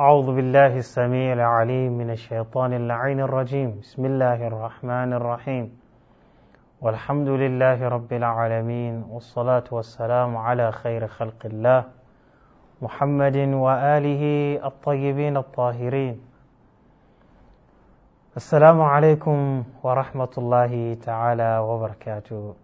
أعوذ بالله السميع العليم من الشيطان اللعين الرجيم بسم الله الرحمن الرحيم والحمد لله رب العالمين والصلاة والسلام على خير خلق الله محمد وآله الطيبين الطاهرين السلام عليكم ورحمة الله تعالى وبركاته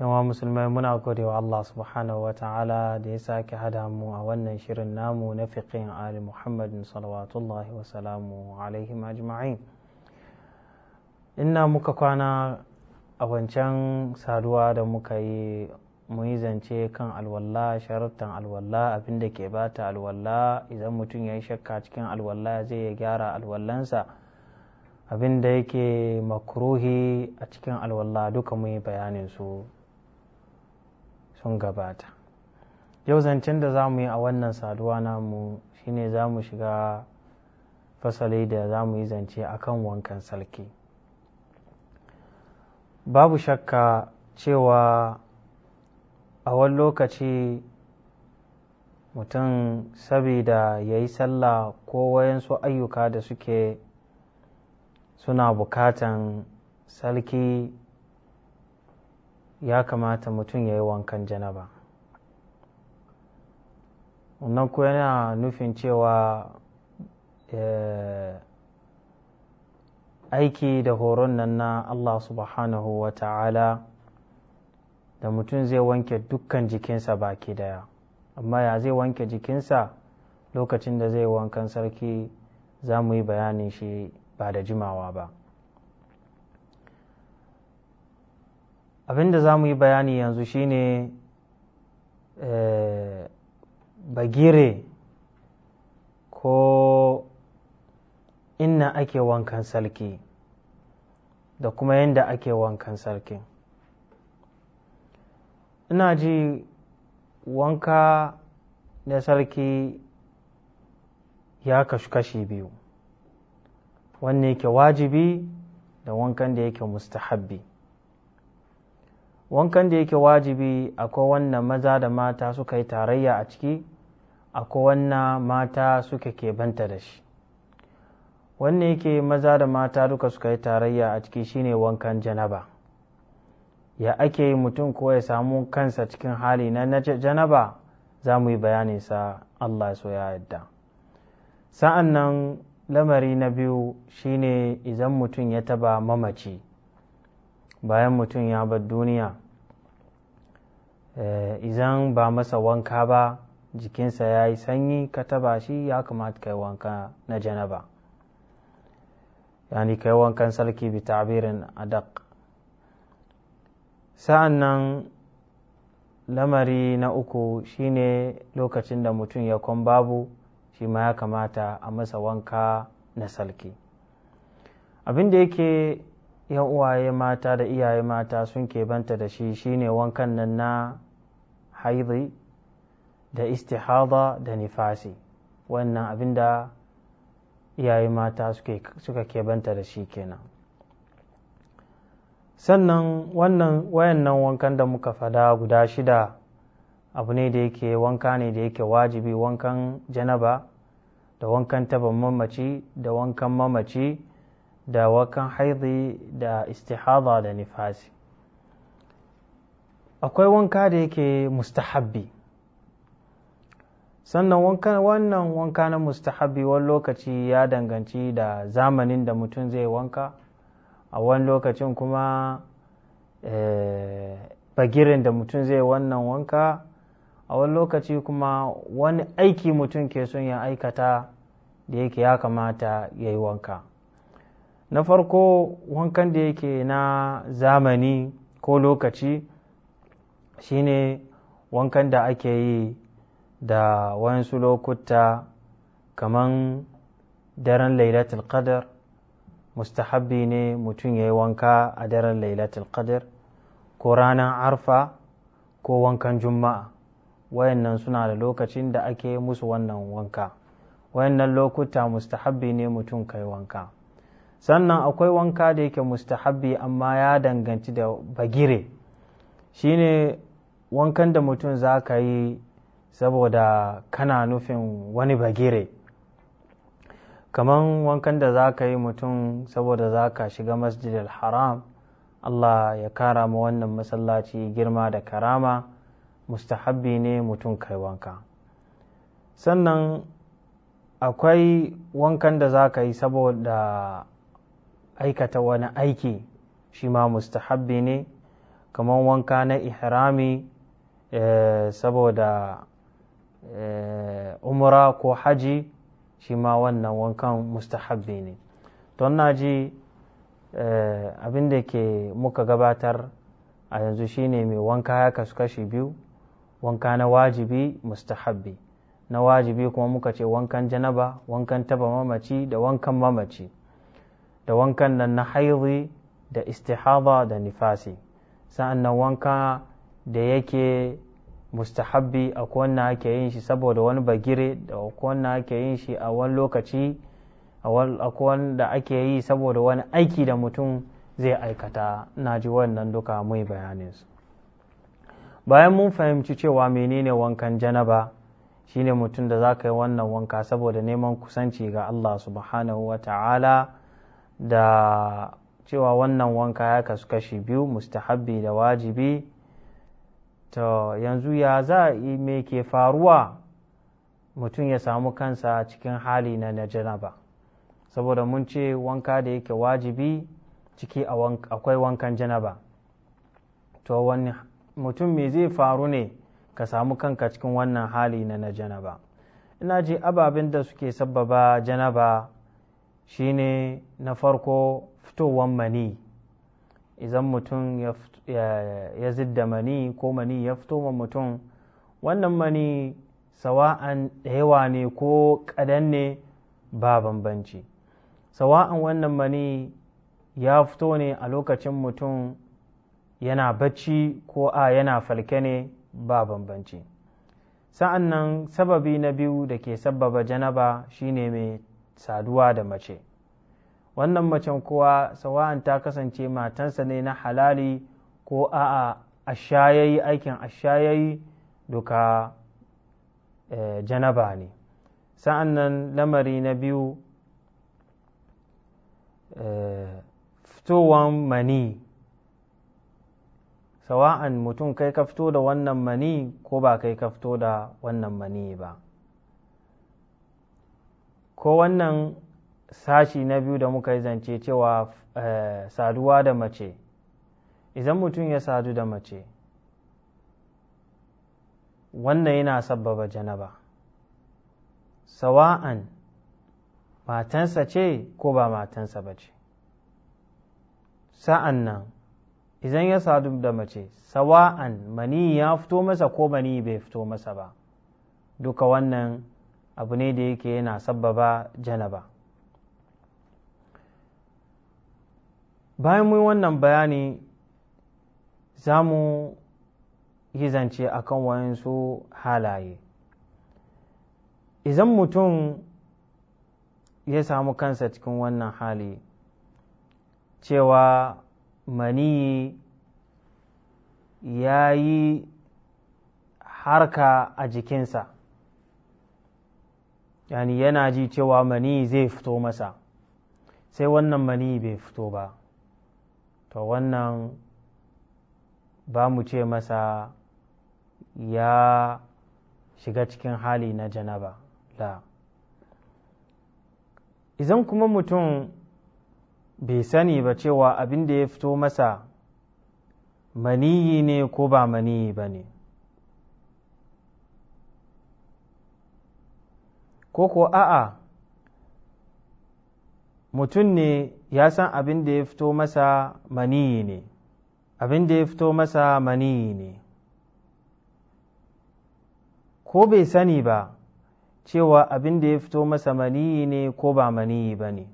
yanwa musulmai muna godewa Allah subhanahu wa ta'ala da ya sake hada mu a wannan shirin namu na fiqin ali muhammad salawatullahi wa salamu alaihim ajma'in inna muka kwana a wancan saduwa da muka yi muyi zance kan alwalla sharuɗan alwalla abinda ke bata alwalla idan mutum ya yi shakka cikin alwalla zai ya gyara alwallansa abinda yake makruhi a cikin alwalla duka muyi bayanin su sun gabata yau zancen da za mu yi a wannan saduwa namu shine za mu shiga fasali da za mu yi zance kan wankan salki babu shakka cewa a wani lokaci mutum saboda ya yi sallah ko wayansu ayyuka da suke suna bukatan salki ya kamata mutum ya yi wankan janaba wannan ko yana nufin cewa eh, aiki da horon nan na Allah subhanahu wa ta'ala da mutum zai wanke dukkan jikinsa baki daya amma ya zai wanke jikinsa lokacin da zai wankan sarki za mu yi bayanin shi ba da jimawa ba abin da za mu yi bayani yanzu shine eh, bagire ko inna ake wankan sarki da kuma yadda ake wankan sarki ina ji wanka na sarki ya kashu kashi biyu wanne yake wajibi da wankan da yake mustahabbi wankan da yake wajibi akwai wannan maza da mata suka yi tarayya a ciki akwai wannan mata suka banta da shi wannan yake maza da mata duka suka yi tarayya a ciki shine wankan janaba ya ake mutum ko ya samu kansa cikin hali na janaba za mu yi bayaninsa allah so ya yadda sa'an nan lamari na biyu shine idan mutum ya taba mamaci bayan mutum ya bar duniya eh, izan ba masa wanka ba jikinsa ya yi sanyi ka taba shi ya kamata kai wanka na janaba yani kai wankan sarki bi tabirin adak sa'an nan lamari na uku shine lokacin da mutum ya kwan babu shi ma ya kamata a masa wanka na salki abin da yake yan uwaye mata da iyaye mata sun banta da shi shine wankan nan na haidhi da istihada da nifasi wannan abinda iyaye mata suka ke banta da shi kenan sannan wannan wayannan wankan da muka fada guda shida abu ne da yake wanka ne da yake wajibi wankan janaba da wankan taban mamaci da wankan mamaci da wakan haidi da istihada da nifasi akwai wanka da yake mustahabbi sannan wannan wanka na mustahabbi wani lokaci ya danganci da zamanin da mutum zai wanka a wani lokacin kuma eh, bagirin da mutum zai wannan wanka a wani lokaci kuma wani aiki mutum ke son ya aikata da yake ya kamata ya yi wanka na farko wankan da yake na zamani ko lokaci shine wankan da ake yi da wayansu lokuta kaman daren lailatul qadar mustahabbi ne mutum ya yi wanka a daren lailatul qadar ko ranar arfa ko wankan juma'a wayannan suna da lokacin da ake musu wannan wanka wayannan lokuta mustahabbi ne mutum kai wanka sannan akwai wanka da yake mustahabbi amma ya danganci da bagire shine wankan da mutum za ka yi saboda kana nufin wani bagire kaman wankan da za ka yi mutum saboda za ka shiga masjidil haram allah ya kara ma wannan masallaci girma da karama mustahabbi ne mutum kai wanka sannan akwai wankan da za ka yi saboda aikata wani aiki shi ma mustahabbi ne kamar wanka na ihrami eh, saboda eh, umra ko haji shi ma wannan wankan mustahabbi ne don na ji eh, abin da ke muka gabatar a yanzu shine mai wanka ya kasu kashi biyu wanka na wajibi mustahabbi na wajibi kuma muka ce wankan janaba wankan taba mamaci da wankan mamaci da wankan nan na haizi da istihada da nifasi sa'an nan wanka da yake mustahabbi a kowanne ake yin shi saboda wani bagire da kowanne ake yin shi a wani lokaci a wanda ake yi saboda wani aiki da mutum zai aikata na ji wannan duka mai bayaninsu bayan mun fahimci cewa menene wankan janaba shine mutum da za ka yi wannan wanka saboda neman kusanci ga allah subhanahu wa ta'ala da cewa wannan wanka ya kasu kashi biyu mustahabbi da wajibi to yanzu ya za a me ke faruwa mutum ya samu kansa cikin hali na janaba saboda mun ce wanka da yake wajibi ciki akwai wankan janaba to wani mutum me zai faru ne ka samu kanka cikin wannan hali na najanaba janaba ina ji ababen da suke sabbaba janaba Shi ne na farko fitowar mani idan mutum ya zidda mani ko mani ya fito ma mutum wannan mani sawa'an yawa ne ko kadan ne ba bambanci sawa'an wannan mani ya fito ne a lokacin mutum yana bacci ko a yana falke ne ba bambanci sa'an nan sababi na biyu da ke sababa janaba shine mai saduwa da mace wannan macen kuwa sawa'an ta kasance matansa ne na halali ko a ashayayi aikin ashayayi duka eh, janaba ne sa'an nan lamari na biyu eh, fitowan mani sawa'an mutum kai ka fito da wannan mani ko ba kai ka fito da wannan mani ba ko wannan sashi na biyu da muka yi zance cewa eh, saduwa da mace idan mutum ya sadu da mace wannan yana sabbaba janaba sawa'an matansa ce ko ba matansa ba ce sa'an nan idan ya sadu da mace sawa'an mani ya fito masa ko mani bai fito masa ba duka wannan abu ne da yake yana sabbaba janaba bayan mun wannan bayani za mu yi zance a kan wayansu halaye idan mutum ya samu kansa cikin wannan hali cewa maniyi ya yi harka a jikinsa yani yana ji cewa mani zai fito masa sai wannan mani bai fito ba to wannan ba mu ce masa ya shiga cikin hali na janaba la idan kuma mutum bai sani ba cewa abin da ya fito masa maniyi ne ko ba maniyi ba ne ko ko a'a mutum ne ya san abin da ya fito masa maniyi ne abin da ya fito masa maniyi ne ko bai sani ba cewa abin da ya fito masa maniyi ne ko ba maniyi ba ne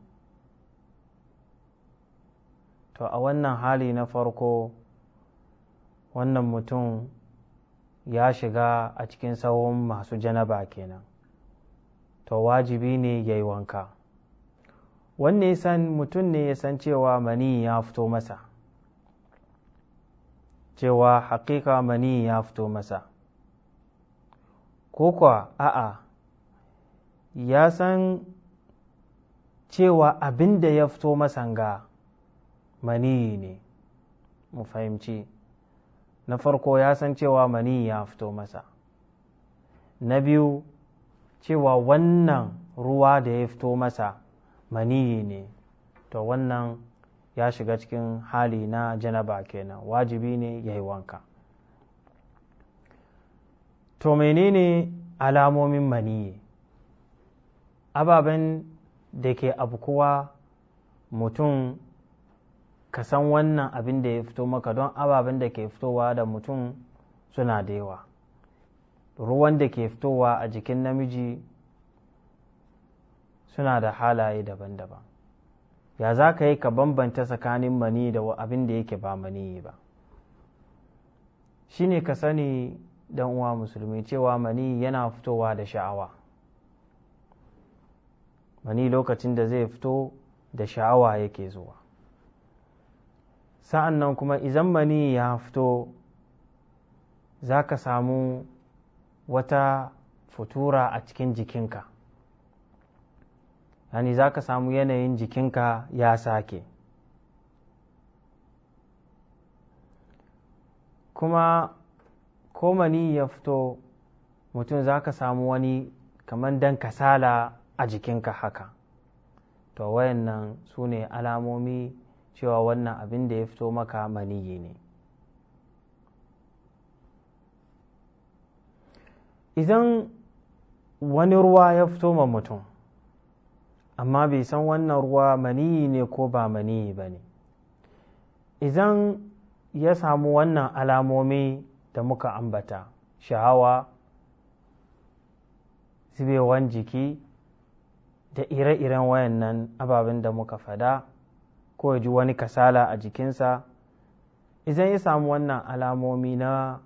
to a wannan hali na farko wannan mutum ya shiga a cikin sahun masu janaba kenan to wajibi ne ya yi wanka wanne san mutum ne ya san cewa mani ya fito masa cewa haƙiƙa mani ya fito masa ko kuwa a'a ya san cewa abin da ya fito masa ga mani ne mu fahimci na farko ya san cewa mani ya fito masa na biyu cewa wannan ruwa da ya fito masa maniyi ne to wannan ya shiga cikin hali na janaba kenan wajibi ne ya yi wanka to menene alamomin maniyi ababen da ke abkuwa mutum ka san wannan abin da ya fito maka don ababen da ke fitowa da mutum suna da yawa ruwan da ke fitowa a jikin namiji suna da halaye daban-daban ya za ka yi ka bambanta tsakanin mani da abin da yake ba mani ba shi ne ka sani dan uwa musulmi cewa mani yana fitowa da sha'awa mani lokacin da zai fito da sha'awa yake zuwa sa'an nan kuma izan mani ya fito za ka samu wata futura a cikin jikinka yani za ka samu yanayin jikinka ya sake kuma ko mani ya fito mutum za ka samu wani kamar dan kasala a jikinka haka to wayannan su ne alamomi cewa wannan abin da ya fito maka maniyi ne idan wani ruwa ya fito ma mutum amma bai san wannan ruwa maniyi ne ko ba maniyi ba ne idan ya samu wannan alamomi da muka ambata sha'awa zubewan jiki da ire-iren wayannan ababen da muka fada ko ya ji wani kasala a jikinsa idan ya samu wannan alamomi na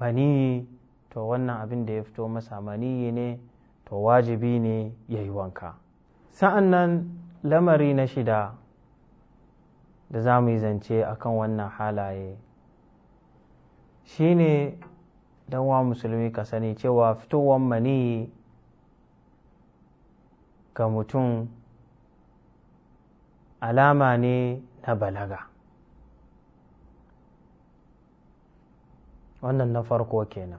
maniyi to wannan abin da ya fito masa maniyi ne to wajibi ne ya yi wanka sa'an nan lamari na shida da za mu yi zance a kan wannan halaye shi ne wa musulmi ka sani cewa fitowar maniyi ga mutum alama ne na balaga wannan na farko kenan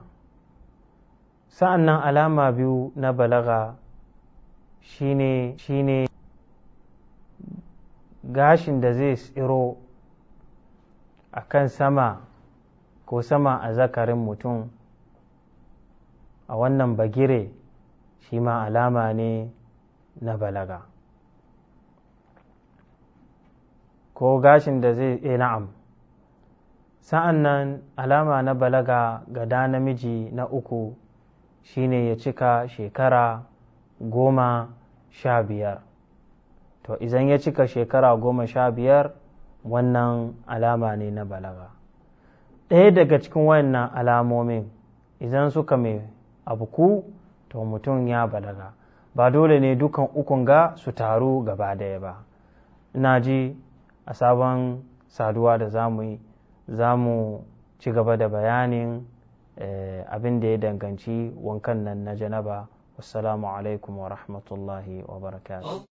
sa'an nan alama biyu na balaga shine shine gashin da zai tsiro a kan sama ko sama a zakarin mutum a wannan bagire shi ma alama ne na balaga ko gashin da zai e na'am sa'an nan alama na balaga ga da namiji na uku shine ya cika shekara goma sha biyar to izan ya cika shekara goma sha biyar wannan alama ne na balaga ɗaya daga cikin wannan alamomin idan suka mai abuku to mutum ya balaga ba dole ne dukan ukun ga su taru gaba daya ba ina ji a sabon saduwa da zamu yi za mu ci gaba da bayanin Eh, abin da ya danganci wankan nan na janaba wassalamu alaikum wa rahmatullahi wa barakatuh